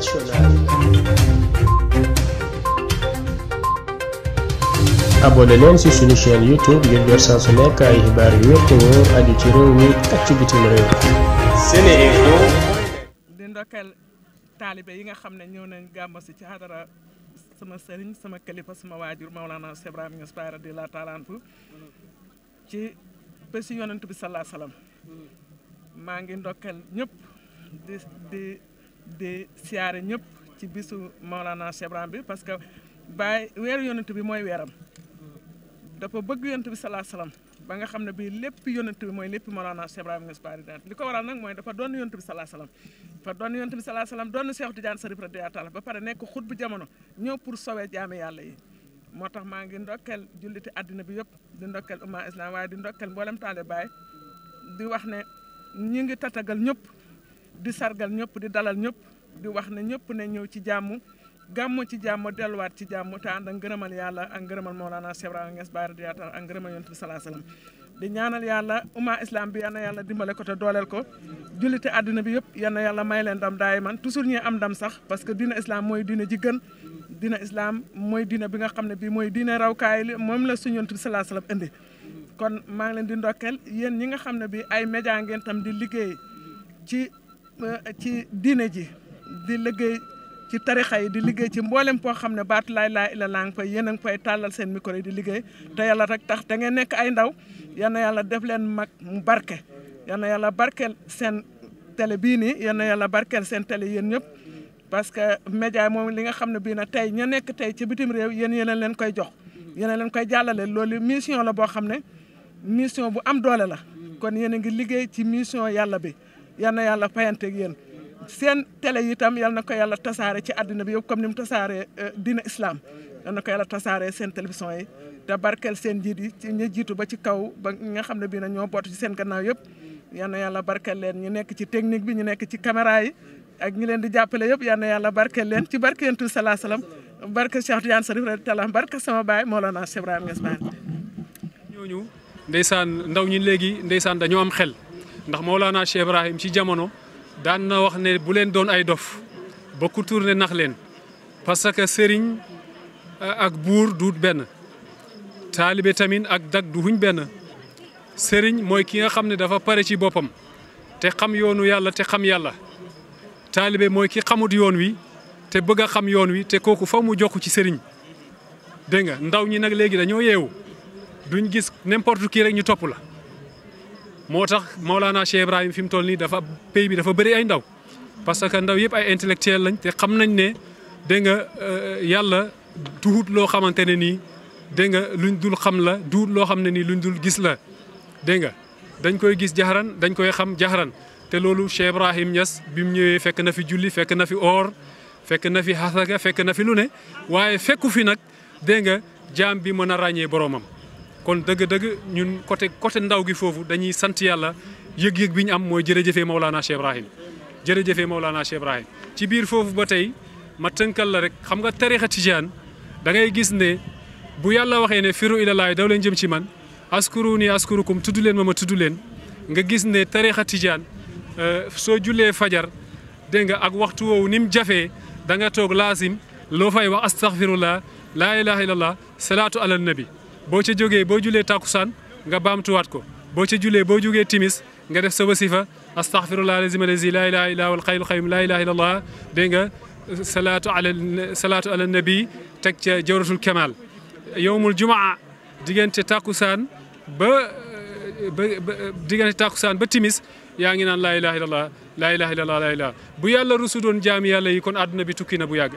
nationale. abonné leen ci suñu chaîne youtube ngir saa su nekk ay xibaar yu wér te wóor aju ci réew mi ak ci bitim réew. SeneInfo. di ndokkeel yi nga xam ne ñëw nañ gàmmu si ci hadara sama sëriñ sama kalifa sama waajur Maulana Cheikh Ibrahima Niass Baye radiyallahu taala anhu ci bési yonent bi maa ngi ndokkeel ñëpp di di. di siyaare ñëpp ci bisu Maolana Cheikh Ibrahim bi parce que Baye weeru yonent bi mooy weeram dafa bëgg yonent bi salaa salaam ba nga xam ne bii lépp yonent bi mooy lépp Maolana Cheikh Ibrahim Niass Baye li ko waral nag mooy dafa doon yonent bi salaa salaam dafa doon yonent bi salaa salaam doon Cheikh Tidiane Chérif radiyallaahu taala ba pare nekk xut bu jamono ñëw pour sauver jaami yàlla yi. moo tax maa ngi ndokkeel julliti àddina bi yëpp di ndokkeel umma islam waaye di ndokkeel mboolem taale Baye di wax ne ñu ngi tatagal ñëpp. di sargal ñëpp di dalal ñëpp di wax ne ñëpp ne ñëw ci jàmm gàmmu ci jàmm delluwaat ci jàmm te ànd ak ngërëmal yàlla ak ngërëmal moo Cheikh Ibrahima Niass Baye Radiatar ak ngërëmal yonent bi salaa salaam di ñaanal yàlla umma islam bi na yàlla dimbale ko te dooleel ko jullite àddina bi yëpp yal na yàlla may leen dam daay man toujours ñuy am dam sax parce que diina islam mooy diina ji gën diina islam mooy diina bi nga xam ne bii mooy diina rawkaay li moom la suñu yonent bi salaa salaam indi kon maa ngi leen di ndokkeel yéen ñi nga xam ne bii ay média ngeen tam di liggéey ci Euh, ci diine ji di liggéey ci tarixa yi di liggéey ci mboolem koo xam ne baat laay laa ila laa ngi koy yéen a ngi koy tàllal seen micro di liggéey te yàlla rek tax da nekk ay ndaw yal yàlla def leen mag mu barke na yàlla barkeel seen tele bii nii yal na yàlla barkeel seen télé yéen ñëpp parce que média moom li nga xam ne bii na tey ña nekk tey ci bitim réew yéen yéen leen koy jox yéen a leen koy jàllale loolu mission la boo xam ne mission bu am doole la kon yéen a ngi liggéey ci mission yàlla bi yal na yàlla fayanteeg yéen seen télé yi itam yal na ko yàlla tasaare ci àddina bi yëpp comme ni mu tasaaree euh, diina islam yal na ko yàlla tasaaree seen télévision yi te barkeel seen jiit yi ci jiitu ba ci kaw ba nga xam ne bii na ñoo boot ci seen gannaaw yëpp yan na yàlla barkeel leen ñu nekk ci technique bi ñu nekk ci caméra yi ak ñi leen di jàppale yëpp yal na yàlla barkeel leen ci barkeentu salaa salaam barke Cheikh Tidiane Sarif radiyallaahu barke sama baay Mawlana Cheikh Ibrahima Niass ñooñu ndeysaan ndaw ñi léegi ndeysaan dañoo am xel ndax Mawlana Cheikh Ibrahim ci jamono daan na wax ne bu leen doon ay dof ba ku tourné nax leen parce que sëriñ euh, ak buur duut benn taalibe tamit ak dag du huñ benn sëriñ mooy ki nga xam ne dafa pare ci boppam te xam yoonu yàlla te xam yàlla taalibe mooy ki xamut yoon wi te bëgg a xam yoon wi te kooku fa mu jokk ci sëriñ dégg nga ndaw ñi nag léegi dañoo yeewu duñ gis n'importe kii rek ñu topp la moo tax Maolana Cheikh Ibrahim fi mu toll nii dafa pays bi dafa bëri ay ndaw parce que ndaw yëpp ay intellectuel lañ te xam nañ ne dégg nga euh, yàlla duhut loo xamante ne nii dégg nga luñ dul xam la duhut loo xam ne nii luñ dul gis la dégg nga dañ koy gis jaxaran dañ koy xam jaxaran te loolu Cheikh Ibrahim Niass bi mu ñëwee fekk na fi julli fekk na fi or fekk na fi xasaka fekk na fi lu ne waaye fekku fi nag dégg nga jaam bi mën a ràññee boromam. kon dëgg-dëgg ñun côté côté ndaw gi foofu dañuy sant yàlla yëg-yëg bi ñu am mooy jërëjëfe Maulana Cheikh Ibrahim jërëjëfee Maulana Cheikh Ibrahim ci biir foofu ba tey ma tënkal la rek xam nga tarixa tijaan da ngay gis ne bu yàlla waxee ne firu ilalaay daw leen jëm ci man askuru ni askurukum tudd leen ma ma tudd leen nga gis ne tarixa tijaan euh, soo jullee fajar dégg nga ak waxtu woowu ni mu jafee da nga toog laasim loo fay wax astaghfirullah laa ilaha illallah salaatu ala nabi boo ca jógee boo julee tàkkusaan nga baamtuwaat ko boo ca julee boo jógee timis nga def sa wasifa astaghfirullah alazim alazi laa ilaha illa wal xayul xayum laa ilaha illa allah dégg nga salaatu ala salaatu ala nabi teg ca jawratul kamal yowmul jumaa diggante tàkkusaan ba ba diggante tàkkusaan ba timis yaa ngi naan laa ilaha illa allah laa ilaha illa allah laa ilaha bu yàlla rusu doon jaami yàlla yi kon àdduna bi tukki na bu yàgg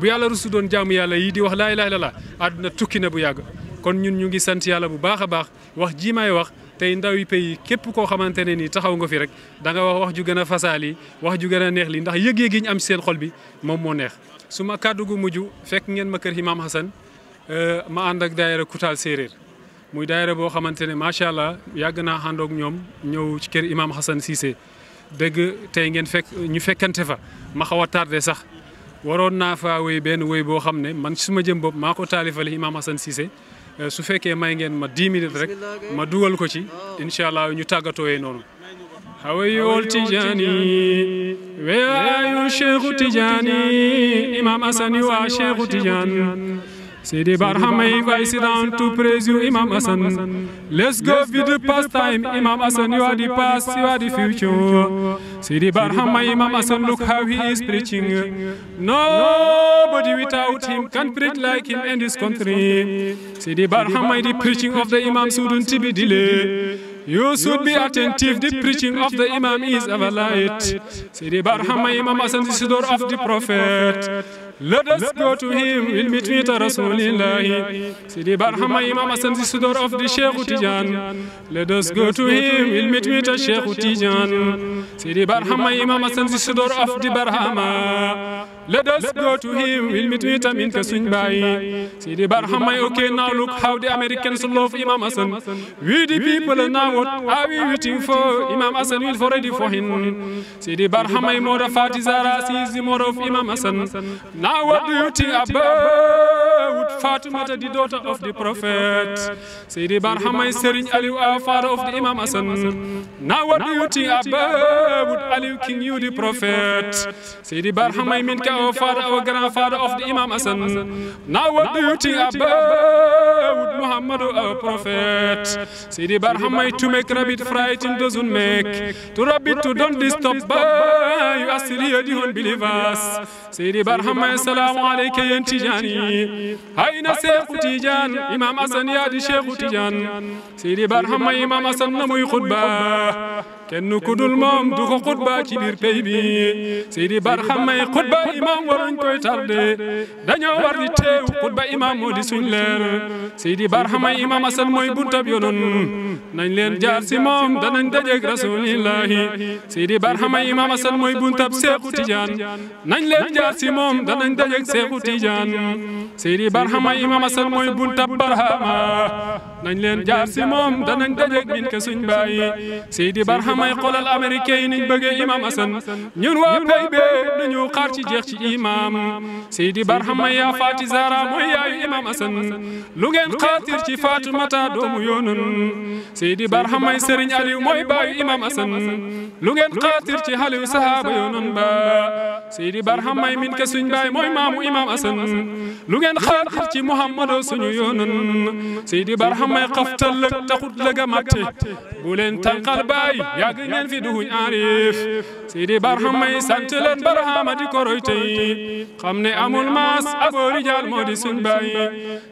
bu yàlla rusu doon jaamu yàlla yi di wax laa ilaha illa allah àdduna tukki na bu yàgg kon ñun ñu ngi sant yàlla bu baax a baax wax jii may wax tey ndaw yi pays képp koo xamante ne nii taxaw nga fi rek da nga wax wax ju gën a fasaali wax ju gën a neex li ndax yëg-yëg am seen xol bi moom moo neex. su ma kàddu gu mujj fekk ngeen ma kër Imam Hassan euh, ma ànd ak daayira Koutal séeréer muy daayira boo xamante ne macha allah yàgg naa àndoog ñoom ñëw ci kër Imam Hassan Cissé dëgg tey ngeen fekk ñu fekkante fa ma xaw a tardé sax. waroon naa faa wéy benn wéy boo xam ne man su ma jëm bopp maa ko taalifale Imam Hassan Cissé Eh, su fekkee may ngeen ma 10 minutes rek ma dugal ko ci incha allah ñu tàggatooyee noonu hawayool Tijani weyaayul Cheikhu Tijani imam Asani waa Cheikhu Tijani Sidi Barham ain't going sit down to praise you, Imam Hassan. Let's go with past time, Imam Hassan. You are past, you are future. Sidi Barham, my Imam Hassan, look how he is preaching. Nobody without him can like him in this country. Sidi Barham, my the preaching of the Imam shouldn't be delayed. You should be attentive. The preaching of the Imam is our light. Sidi Barham, my Imam Hassan, the of the Prophet. Let us go to him in between Rasulillahi Sidi Barhama Imam Hassan Sidor of the Sheikh Tijan Let go to him in between Sheikh Tijan Sidi Barhama Imam Hassan Sidor of Barhama Let us go to him, we'll meet with him in Kasungbai. Sidi Barham, my okay, now look how the Americans love Imam Hassan. We the people, and now what are we Imam Hassan will for ready for him. Sidi Barham, my mother Fatizara, sees the mother of Imam Hassan. Now what do you think about? Fatimata the daughter of the Prophet, Sidi Barhamai Serin Aliu, our father of the Imam Hassan. Now what do you think about Aliu King, you the Prophet? Sidi Barhamai Minka, our father, our grandfather of the Imam Hassan. Now what do you think about Muhammad, our Prophet? Sidi Barhamai to make rabbit frightened doesn't make, to rabbit to don't disturb by you as the unbelievers. Sidi Barhamai, salam alayka yantijani. na Seexu Tijaan imaam Asan yaa di Seexu Tijaan Seydi Barham imam Asan na muy xutba kenn ku moom du ko xutba ci biir pey bi Seydi Barham may xutba imam waruñ koy tardé dañoo war di teew xutba imam moo di suñ leer Seydi Barham may imam asal mooy buntab yonon nañ leen jaar si moom danañ dajeeg rasulillahi Seydi Barham may imam asal mooy buntab Seexu Tijaan nañ leen jaar si moom danañ dajeeg Seexu Tijaan Seydi Barham may imam asal mooy buntab Barhama nañ leen jaar si moom danañ dajeeg bin ke suñ bàyyi Seydi Barhamay xolal américain yi niñ bëggee imam Hassan ñun waa pay be duñu xaar ci jeex ci imam Seydi Barhamay yaa Faati Zara mooy yaayu imam Hassan lu ngeen xaatir ci Faatumata doomu yoonun Seydi Barhamay Serigne Aliou mooy baayu imam Hassan lu ngeen xaatir ci Aliou sahaba yoonun ba Seydi Barhamay min ke suñ baay mooy maamu imam Hassan lu ngeen ci Muhammadu suñu yoonun may xaftal lëg taxut lëga matte bu leen tànqal baay yàgg ngeen fi duhuñ enriif sidi barham may sant leen barhama di koroy tey xam ne amul maas aboori jaal moo di suñ baay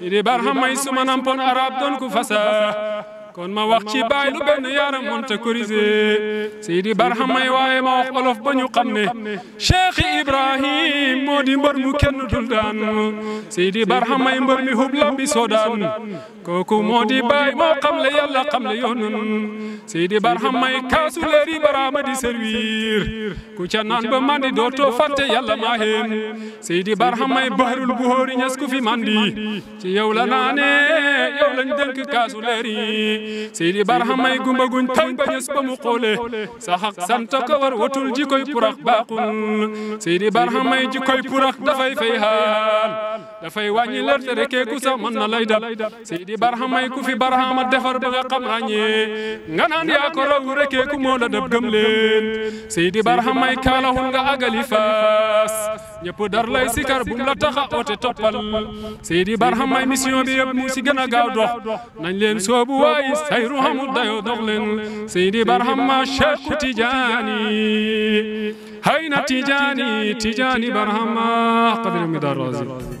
sidi barham may sumanam pon arab doon ku fasa kon ma wax ci baay lu benn yaram mënta korisé Seydi Barham may waaye ma wax olof ba ñu xam ne Cheikh Ibrahim moo di mbër mu kenn dul daan Seydi Barham may mbër mi hub la bi soo daan kooku moo di baay moo xam le yàlla xam le yoonun Seydi Barham may kaasu leeri baraama di servir ku ca naan ba mandi dootoo fàtte yàlla maa heen Seydi Barham may bahrul buhoori ñas ku fi mandi ci yow la naane yow lañ dënk kaasu leeri Seydi Barham may gumba guñ tooñ ba ñës ba mu xoole sa xaq sant ko war watul jikoy purax baaxul Seydi Barham may jikoy purax dafay fay xaal dafay wàññi lër te sa mën na lay dab Seydi Barhamay ku fi Barhama defar ba nga xam ràññee nga naan yaa ko raw rekee ku moo la dab gëm leen Seydi Barhamay kaalahul nga agali faas ñëpp dar lay sikar bum la taxa oote toppal Seydi Barhamay mission bi yëpp mu si gën a gaaw dox nañ leen soobu waay say ruhamu dayoo dox leen Seydi Barhama Cheikh Tijaani na Tijaani Tijaani Barhama qadri mi dar razi